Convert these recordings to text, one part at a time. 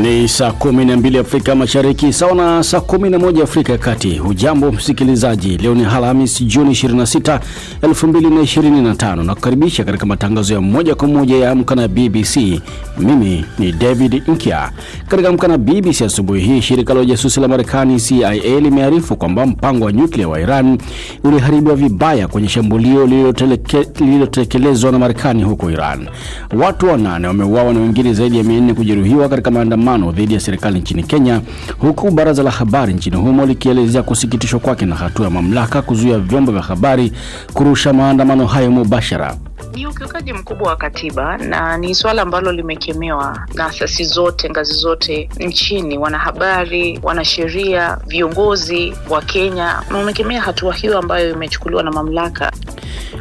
Ni saa 12 Afrika Mashariki, sawa na saa 11 Afrika ya Kati. Hujambo msikilizaji, leo ni Alhamisi Juni 26, 2025 na kukaribisha katika matangazo ya moja kwa moja ya Amka na BBC. Mimi ni David Nkya. Katika Amka na BBC asubuhi hii, shirika la ujasusi la Marekani CIA limearifu kwamba mpango wa nyuklia wa Iran uliharibiwa vibaya kwenye shambulio lililotekelezwa na Marekani huko Iran. Watu wanane wameuawa na wengine zaidi ya 4 kujeruhiwa katika maandamano maandamano dhidi ya serikali nchini Kenya, huku baraza la habari nchini humo likielezea kusikitishwa kwake na hatua ya mamlaka kuzuia vyombo vya habari kurusha maandamano hayo mubashara. Ni ukiukaji mkubwa wa katiba na ni suala ambalo limekemewa na asasi zote, ngazi zote nchini, wanahabari, wanasheria, viongozi wa Kenya, na wamekemea hatua hiyo ambayo imechukuliwa na mamlaka.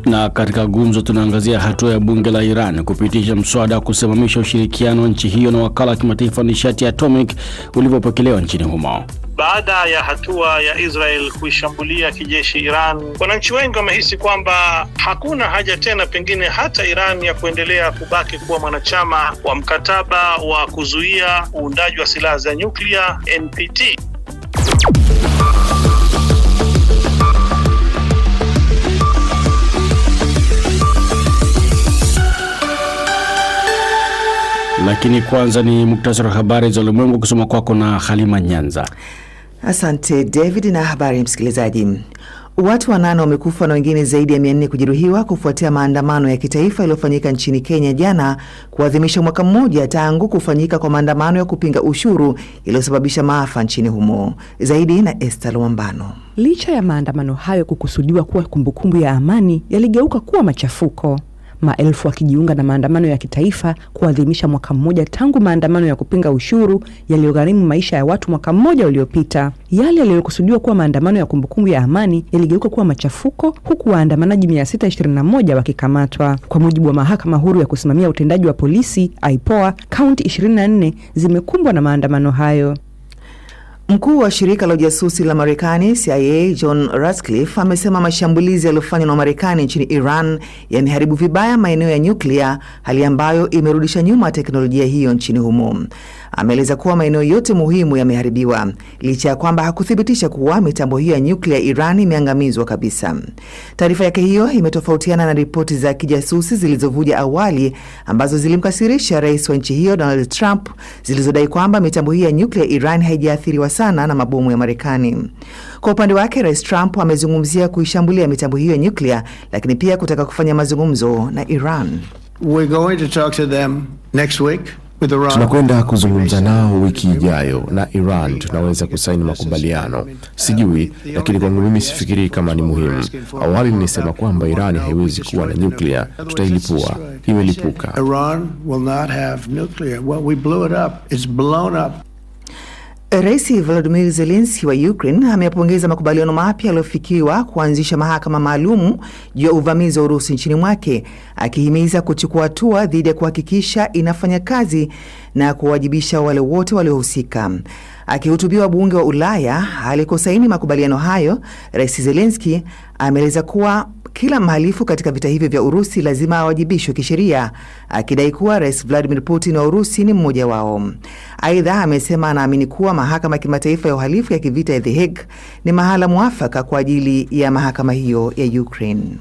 Na katika gumzo tunaangazia hatua ya bunge la Iran kupitisha mswada wa kusimamisha ushirikiano wa nchi hiyo na wakala wa kimataifa wa nishati ya atomic ulivyopokelewa nchini humo. Baada ya hatua ya Israel kuishambulia kijeshi Iran, wananchi wengi wamehisi kwamba hakuna haja tena pengine hata Iran ya kuendelea kubaki kuwa mwanachama wa mkataba wa kuzuia uundaji wa silaha za nyuklia NPT. lakini kwanza ni muktasari wa habari za ulimwengu kusoma kwako na Halima Nyanza. Asante David na habari msikilizaji. Watu wanane wamekufa na wengine zaidi ya mia nne kujeruhiwa kufuatia maandamano ya kitaifa yaliyofanyika nchini Kenya jana kuadhimisha mwaka mmoja tangu kufanyika kwa maandamano ya kupinga ushuru yaliyosababisha maafa nchini humo. Zaidi na Esther Lwambano. Licha ya maandamano hayo kukusudiwa kuwa kumbukumbu ya amani, yaligeuka kuwa machafuko maelfu wakijiunga na maandamano ya kitaifa kuadhimisha mwaka mmoja tangu maandamano ya kupinga ushuru yaliyogharimu maisha ya watu mwaka mmoja uliopita. Yale yaliyokusudiwa kuwa maandamano ya kumbukumbu ya amani yaligeuka kuwa machafuko, huku waandamanaji 621 wakikamatwa. Kwa mujibu wa mahakama huru ya kusimamia utendaji wa polisi IPOA, kaunti 24 zimekumbwa na maandamano hayo. Mkuu wa shirika la ujasusi la Marekani CIA John Ratcliffe amesema mashambulizi yaliyofanywa na Marekani nchini Iran yameharibu vibaya maeneo ya nyuklia, hali ambayo imerudisha nyuma teknolojia hiyo nchini humo. Ameeleza kuwa maeneo yote muhimu yameharibiwa, licha ya kwamba hakuthibitisha kuwa mitambo hiyo ya nyuklia ya Iran imeangamizwa kabisa. Taarifa yake hiyo imetofautiana na ripoti za kijasusi zilizovuja awali ambazo zilimkasirisha rais wa nchi hiyo Donald Trump, zilizodai kwamba mitambo hiyo ya nyuklia Iran haijaathiriwa sana na mabomu ya Marekani. Kwa upande wake, Rais Trump amezungumzia kuishambulia mitambo hiyo ya nyuklia, lakini pia kutaka kufanya mazungumzo na Iran. We're going to talk to them next week. Tunakwenda kuzungumza nao wiki ijayo na Iran, tunaweza kusaini makubaliano, sijui, lakini kwangu mimi sifikirii kama ni muhimu. Awali nilisema kwamba Iran haiwezi kuwa na nyuklia, tutailipua, imelipuka. Rais Volodymyr Zelensky wa Ukraine amepongeza makubaliano mapya yaliyofikiwa kuanzisha mahakama maalum juu ya uvamizi wa Urusi nchini mwake, akihimiza kuchukua hatua dhidi ya kuhakikisha inafanya kazi na kuwajibisha wale wote waliohusika. Akihutubia bunge wa Ulaya alikosaini makubaliano hayo, Rais Zelensky ameeleza kuwa kila mhalifu katika vita hivyo vya Urusi lazima awajibishwe kisheria, akidai kuwa Rais Vladimir Putin wa Urusi ni mmoja wao. Aidha, amesema anaamini kuwa mahakama ya kimataifa ya uhalifu ya kivita ya The Hague ni mahala mwafaka kwa ajili ya mahakama hiyo ya Ukraine.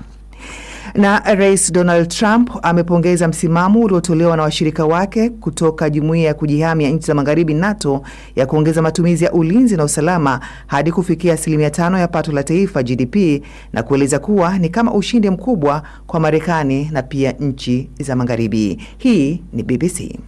Na Rais Donald Trump amepongeza msimamo uliotolewa na washirika wake kutoka jumuiya ya kujihami ya nchi za magharibi NATO ya kuongeza matumizi ya ulinzi na usalama hadi kufikia asilimia tano ya pato la taifa GDP, na kueleza kuwa ni kama ushindi mkubwa kwa Marekani na pia nchi za magharibi. Hii ni BBC.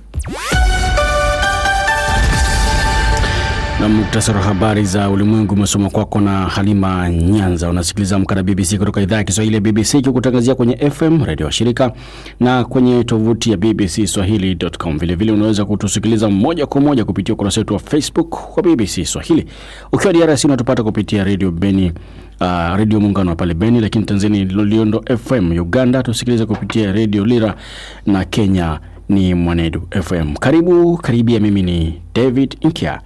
na muktasari wa habari za ulimwengu umesoma kwako na Halima Nyanza. Unasikiliza amkana BBC kutoka idhaa ya Kiswahili ya BBC ikikutangazia kwenye FM redio wa shirika na kwenye tovuti ya BBC Swahili.com. Vilevile unaweza kutusikiliza moja kwa moja kupitia ukurasa wetu wa Facebook kwa BBC Swahili. Ukiwa DRC unatupata kupitia redio Beni, uh, redio muungano pale Beni, lakini Tanzania Loliondo FM. Uganda tusikiliza kupitia redio Lira na Kenya ni Mwanedu FM. Karibu karibia, mimi ni David Nkya.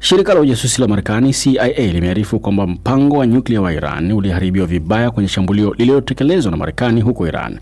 Shirika la ujasusi la Marekani CIA limearifu kwamba mpango wa nyuklia wa Iran uliharibiwa vibaya kwenye shambulio lililotekelezwa na Marekani huko Iran.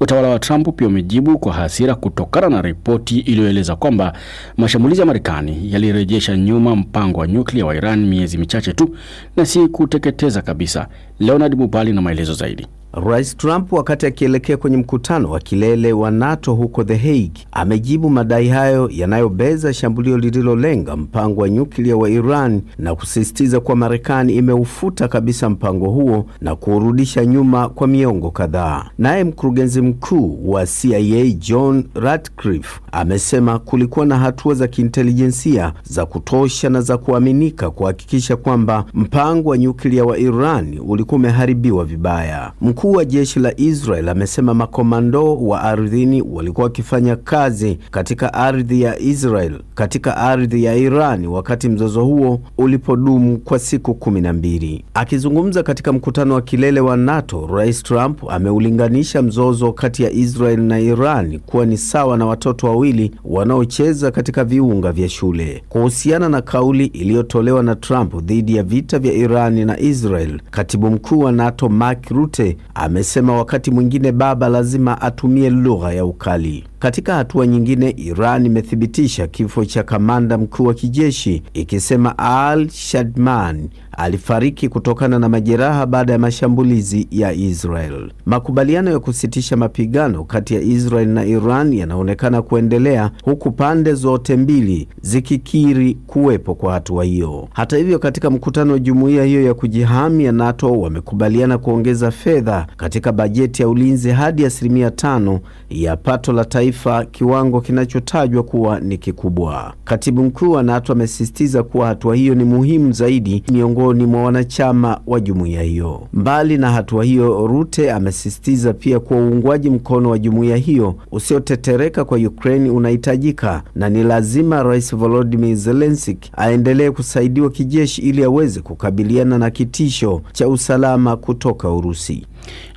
Utawala wa Trump pia umejibu kwa hasira kutokana na ripoti iliyoeleza kwamba mashambulizi ya Marekani yalirejesha nyuma mpango wa nyuklia wa Iran miezi michache tu na si kuteketeza kabisa. Leonard Mubali na maelezo zaidi. Rais Trump wakati akielekea kwenye mkutano wa kilele wa NATO huko The Hague amejibu madai hayo yanayobeza shambulio lililolenga mpango wa nyuklia wa Iran na kusisitiza kuwa Marekani imeufuta kabisa mpango huo na kuurudisha nyuma kwa miongo kadhaa. Naye mkurugenzi mkuu wa CIA John Ratcliffe amesema kulikuwa na hatua za kiintelijensia za kutosha na za kuaminika kuhakikisha kwamba mpango wa nyuklia wa Iran ulikuwa umeharibiwa vibaya. Mkuu wa jeshi la Israel amesema makomando wa ardhini walikuwa wakifanya kazi katika ardhi ya Israel katika ardhi ya irani wakati mzozo huo ulipodumu kwa siku kumi na mbili. Akizungumza katika mkutano wa kilele wa NATO, Rais Trump ameulinganisha mzozo kati ya Israel na Iran kuwa ni sawa na watoto wawili wanaocheza katika viunga vya shule. Kuhusiana na kauli iliyotolewa na Trump dhidi ya vita vya irani na Israel, katibu mkuu wa NATO Mark Rutte Amesema wakati mwingine baba lazima atumie lugha ya ukali. Katika hatua nyingine, Iran imethibitisha kifo cha kamanda mkuu wa kijeshi ikisema Al Shadman alifariki kutokana na majeraha baada ya mashambulizi ya Israel. Makubaliano ya kusitisha mapigano kati ya Israel na Iran yanaonekana kuendelea huku pande zote mbili zikikiri kuwepo kwa hatua hiyo. Hata hivyo, katika mkutano wa jumuiya hiyo ya kujihami ya NATO wamekubaliana kuongeza fedha katika bajeti ya ulinzi hadi asilimia tano ya pato la taifa kimataifa, kiwango kinachotajwa kuwa ni kikubwa. Katibu mkuu wa NATO amesisitiza kuwa hatua hiyo ni muhimu zaidi miongoni mwa wanachama wa jumuiya hiyo. Mbali na hatua hiyo, Rute amesisitiza pia kuwa uungwaji mkono wa jumuiya hiyo usiotetereka kwa Ukraine unahitajika na ni lazima Rais Volodymyr Zelensky aendelee kusaidiwa kijeshi ili aweze kukabiliana na kitisho cha usalama kutoka Urusi.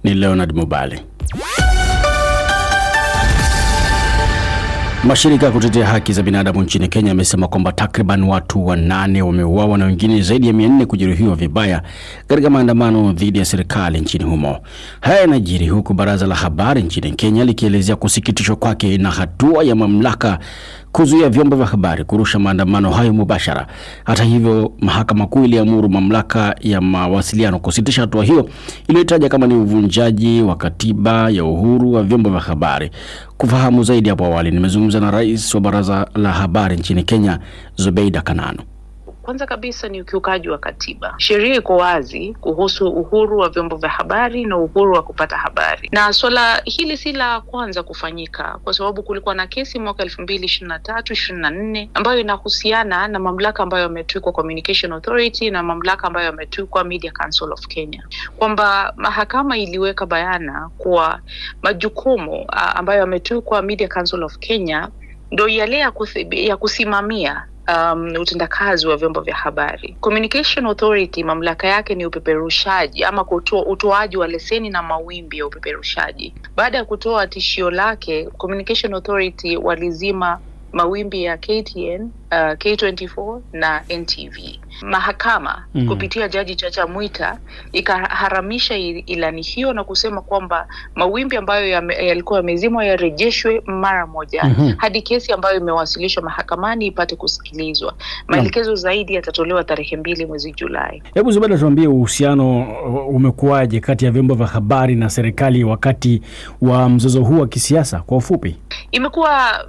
Ni Leonard Mubale. Mashirika ya kutetea haki za binadamu nchini Kenya yamesema kwamba takriban watu wanane wameuawa na wengine zaidi ya mia nne kujeruhiwa vibaya katika maandamano dhidi ya serikali nchini humo. Haya yanajiri huku baraza la habari nchini Kenya likielezea kusikitishwa kwake na hatua ya mamlaka kuzuia vyombo vya habari kurusha maandamano hayo mubashara. Hata hivyo, mahakama kuu iliamuru mamlaka ya mawasiliano kusitisha hatua hiyo iliyotaja kama ni uvunjaji wa katiba ya uhuru wa vyombo vya habari. Kufahamu zaidi, hapo awali nimezungumza na rais wa baraza la habari nchini Kenya, Zubeida Kanano. Kwanza kabisa ni ukiukaji wa katiba. Sheria iko wazi kuhusu uhuru wa vyombo vya habari na uhuru wa kupata habari, na swala hili si la kwanza kufanyika, kwa sababu kulikuwa na kesi mwaka elfu mbili ishirini na tatu ishirini na nne ambayo inahusiana na mamlaka ambayo yametwikwa Communication Authority na mamlaka ambayo yametwikwa Media Council of Kenya, kwamba mahakama iliweka bayana kuwa majukumu ambayo yametwikwa Media Council of Kenya ndo yale ya kusimamia um, utendakazi wa vyombo vya habari. Communication Authority mamlaka yake ni upeperushaji ama kutoa utoaji wa leseni na mawimbi ya upeperushaji. Baada ya kutoa tishio lake, Communication Authority walizima mawimbi ya KTN, uh, K24 na NTV. Mahakama mm. kupitia Jaji Chacha Mwita ikaharamisha ilani hiyo na kusema kwamba mawimbi ambayo yalikuwa ya yamezimwa yarejeshwe mara moja mm -hmm. hadi kesi ambayo imewasilishwa mahakamani ipate kusikilizwa. Maelekezo mm. zaidi yatatolewa tarehe mbili mwezi Julai. Hebu Zubeda, tuambie uhusiano uh, umekuwaje kati ya vyombo vya habari na serikali wakati wa mzozo huu wa kisiasa? Kwa ufupi, imekuwa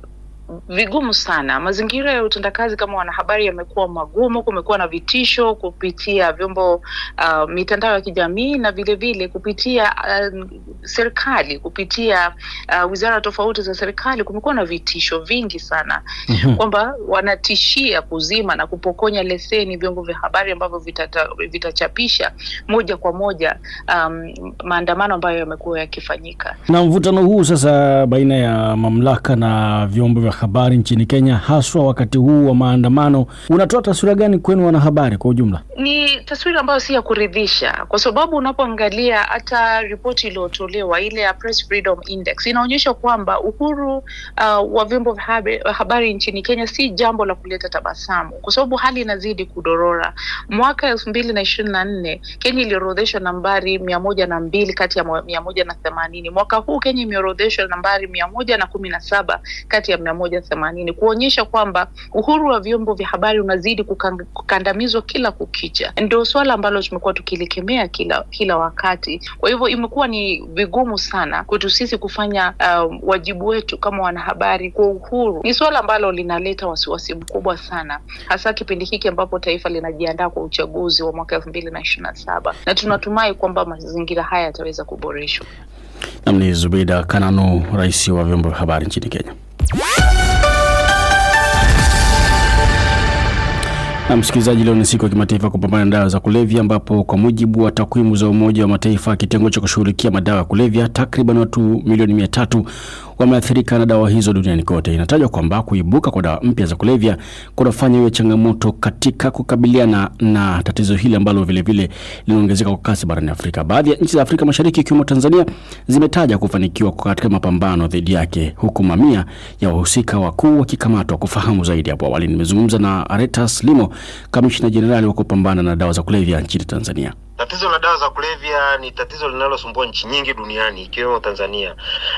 vigumu sana. Mazingira ya utendakazi kama wanahabari yamekuwa magumu. Kumekuwa na vitisho kupitia vyombo uh, mitandao ya kijamii na vilevile kupitia uh, serikali, kupitia uh, wizara tofauti za serikali. Kumekuwa na vitisho vingi sana mm-hmm. kwamba wanatishia kuzima na kupokonya leseni vyombo vya habari ambavyo vitachapisha vita moja kwa moja um, maandamano ambayo yamekuwa yakifanyika. Na mvutano huu sasa baina ya mamlaka na vyombo vya habari nchini Kenya, haswa wakati huu wa maandamano, unatoa taswira gani kwenu wanahabari kwa ujumla? Ni taswira ambayo si ya kuridhisha, kwa sababu unapoangalia hata ripoti iliyotolewa ile ya Press Freedom Index inaonyesha kwamba uhuru uh, wa vyombo vya habari nchini Kenya si jambo la kuleta tabasamu, kwa sababu hali inazidi kudorora. Mwaka elfu mbili na ishirini na nne Kenya iliorodheshwa nambari mia moja na mbili kati ya mia moja na themanini. Mwaka huu Kenya imeorodheshwa nambari mia moja na kumi na saba kati ya mia moja moja themanini kuonyesha kwamba uhuru wa vyombo vya habari unazidi kukandamizwa kila kukicha. Ndio swala ambalo tumekuwa tukilikemea kila kila wakati. Kwa hivyo imekuwa ni vigumu sana kwetu sisi kufanya uh, wajibu wetu kama wanahabari kwa uhuru. Ni swala ambalo linaleta wasiwasi mkubwa sana, hasa kipindi hiki ambapo taifa linajiandaa kwa uchaguzi wa mwaka elfu mbili na ishirina na saba na tunatumai kwamba mazingira haya yataweza kuboreshwa. Nam ni Zubeida Kananu, rais wa vyombo vya habari nchini Kenya. Na msikilizaji, leo ni siku ya kimataifa kupambana na dawa za kulevya, ambapo kwa mujibu wa takwimu za Umoja wa Mataifa, kitengo cha kushughulikia madawa ya kulevya, takriban watu milioni mia tatu wameathirika na dawa hizo duniani kote. Inatajwa kwamba kuibuka kwa dawa mpya za kulevya kunafanya iwe changamoto katika kukabiliana na tatizo hili ambalo vilevile linaongezeka kwa kasi barani Afrika. Baadhi ya nchi za Afrika Mashariki ikiwemo Tanzania zimetaja kufanikiwa katika mapambano dhidi yake, huku mamia ya wahusika wakuu wakikamatwa. Kufahamu zaidi, hapo awali nimezungumza na Aretas Limo, kamishna jenerali wa kupambana na dawa za kulevya nchini Tanzania. Tatizo la dawa za kulevya ni tatizo linalosumbua nchi nyingi duniani ikiwemo Tanzania,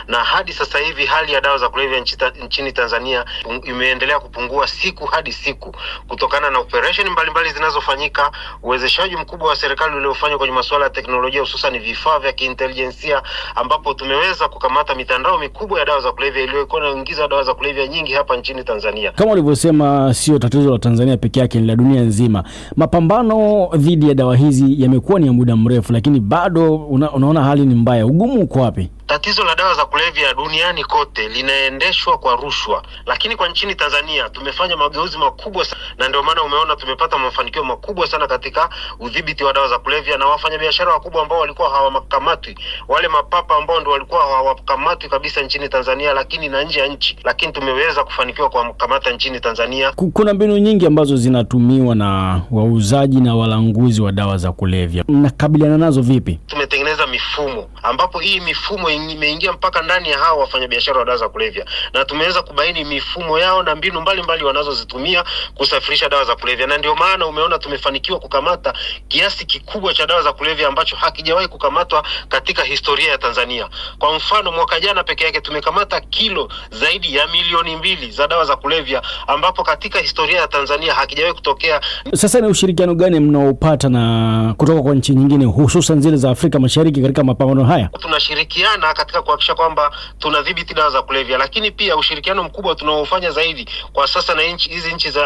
na hadi sasa hivi hali ya dawa za kulevya nchini Tanzania imeendelea kupungua siku hadi siku kutokana na operesheni mbalimbali zinazofanyika, uwezeshaji mkubwa wa serikali uliofanywa kwenye masuala ya teknolojia, hususan vifaa vya kiintelijensia, ambapo tumeweza kukamata mitandao mikubwa ya dawa za kulevya iliyokuwa inaingiza dawa za kulevya nyingi hapa nchini Tanzania. Kama ulivyosema, sio tatizo la Tanzania peke yake, ni la dunia nzima. Mapambano dhidi ya dawa hizi yame imekuwa ni ya muda mrefu, lakini bado una, unaona hali ni mbaya. Ugumu uko wapi? Tatizo la dawa za kulevya duniani kote linaendeshwa kwa rushwa, lakini kwa nchini Tanzania tumefanya mageuzi makubwa sana, na ndio maana umeona tumepata mafanikio makubwa sana katika udhibiti wa dawa za kulevya, na wafanyabiashara wakubwa ambao walikuwa hawakamatwi, wale mapapa ambao ndio walikuwa hawakamatwi kabisa nchini Tanzania, lakini na nje ya nchi, lakini tumeweza kufanikiwa kuwakamata nchini Tanzania. Kuna mbinu nyingi ambazo zinatumiwa na wauzaji na walanguzi wa dawa za kulevya, mnakabiliana nazo vipi? Tumetengeneza mifumo ambapo hii mifumo imeingia mpaka ndani ya hawa wafanyabiashara wa dawa za kulevya, na tumeweza kubaini mifumo yao na mbinu mbalimbali wanazozitumia kusafirisha dawa za kulevya, na ndio maana umeona tumefanikiwa kukamata kiasi kikubwa cha dawa za kulevya ambacho hakijawahi kukamatwa katika historia ya Tanzania. Kwa mfano, mwaka jana peke yake tumekamata kilo zaidi ya milioni mbili za dawa za kulevya, ambapo katika historia ya Tanzania hakijawahi kutokea. Sasa ni ushirikiano gani mnaopata na kutoka kwa nchi nyingine, hususan zile za Afrika Mashariki katika mapambano haya? Tunashirikiana na katika kuhakikisha kwamba tunadhibiti dawa za kulevya, lakini pia ushirikiano mkubwa tunaofanya zaidi kwa sasa na hizi nchi za,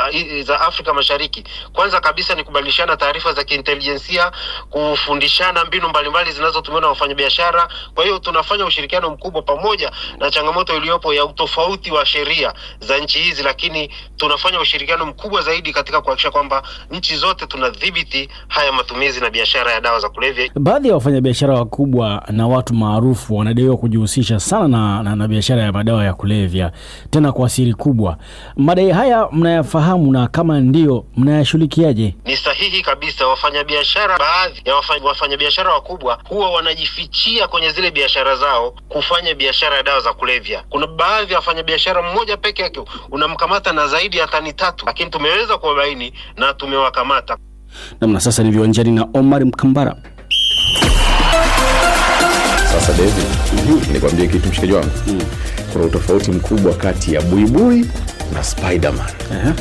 za Afrika Mashariki, kwanza kabisa ni kubadilishana taarifa za kiintelijensia, kufundishana mbinu mbalimbali zinazotumiwa na wafanyabiashara. Kwa hiyo tunafanya ushirikiano mkubwa pamoja na changamoto iliyopo ya utofauti wa sheria za nchi hizi, lakini tunafanya ushirikiano mkubwa zaidi katika kuhakikisha kwamba nchi zote tunadhibiti haya matumizi na biashara ya dawa za kulevya. Baadhi ya wafanyabiashara wakubwa na watu maarufu wana anadaiwa kujihusisha sana na, na, na biashara ya madawa ya kulevya tena kwa siri kubwa. Madai haya mnayafahamu, na kama ndiyo, mnayashughulikiaje? Ni sahihi kabisa. Wafanyabiashara, baadhi ya wafanyabiashara wakubwa huwa wanajifichia kwenye zile biashara zao kufanya biashara ya dawa za kulevya. Kuna baadhi ya wafanyabiashara, mmoja peke yake unamkamata na zaidi ya tani tatu, lakini tumeweza kuwabaini na tumewakamata namna. Sasa ni viwanjani na Omar Mkambara. Sasa David, mhm. nikwambie kitu mshikaji wangu mm. kuna utofauti mkubwa kati ya buibui na Spiderman. uh -huh.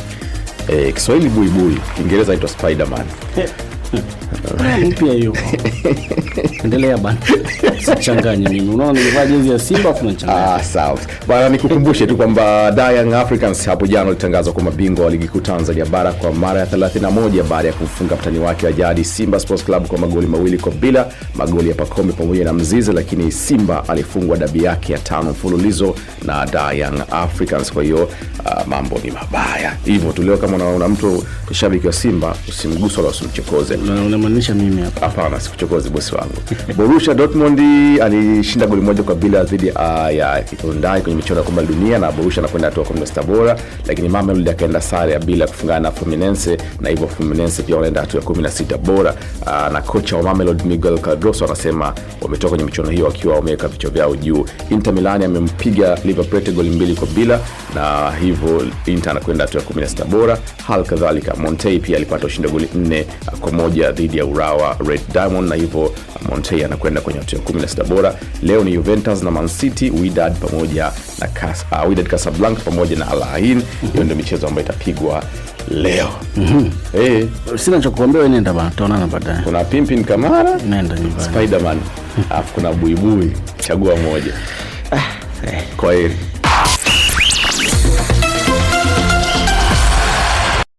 E, Kiswahili buibui, Kiingereza naitwa Spiderman mpya hiyo endelea bana sichanganye mimi unaona nilivaa jezi ya simba ah, bana nikukumbushe tu kwamba Young Africans hapo jana walitangazwa kwa mabingwa wa ligi kuu Tanzania bara kwa mara ya 31 baada ya kumfunga mtani wake wa jadi Simba Sports Club kwa magoli mawili kwa bila magoli ya pakome pamoja na mzizi lakini Simba alifungwa dabi yake ya tano mfululizo na Young Africans kwa hiyo uh, mambo ni mabaya hivyo tuleo kama unaona mtu shabiki wa Simba usimguswa la usimchokoze unamaanisha mimi hapa? Hapana, sikuchokozi bosi wangu. Borussia Dortmund alishinda goli moja kwa bila dhidi ya Hyundai kwenye michuano ya kombe la dunia, na Borussia anakwenda hatua kwa 16 bora, lakini Mamelodi akaenda sare bila kufungana na Fluminense, na hivyo Fluminense pia wanaenda hatua ya 16 bora. Ah, na kocha wa Mamelodi Miguel Cardoso anasema wametoka kwenye michuano hiyo wakiwa wameweka vichwa vyao juu. Inter Milan amempiga Liverpool goli mbili kwa bila, na hivyo Inter anakwenda hatua ya 16 bora. Hali kadhalika Montpellier pia alipata ushindi goli 4 kwa moja moja dhidi ya Urawa Red Diamond, na hivyo montei anakwenda kwenye hatua ya 16 bora. Leo ni Juventus na mancity widad pamoja na Kas, uh, ah, widad Casablanca pamoja na alain Hiyo mm -hmm. ndio michezo ambayo itapigwa leo. mm -hmm. Eh. hey. Sina nenda bana, baadaye. Kuna Pimpin Kamara, nenda Spiderman, alafu kuna buibui, chagua moja. Eh.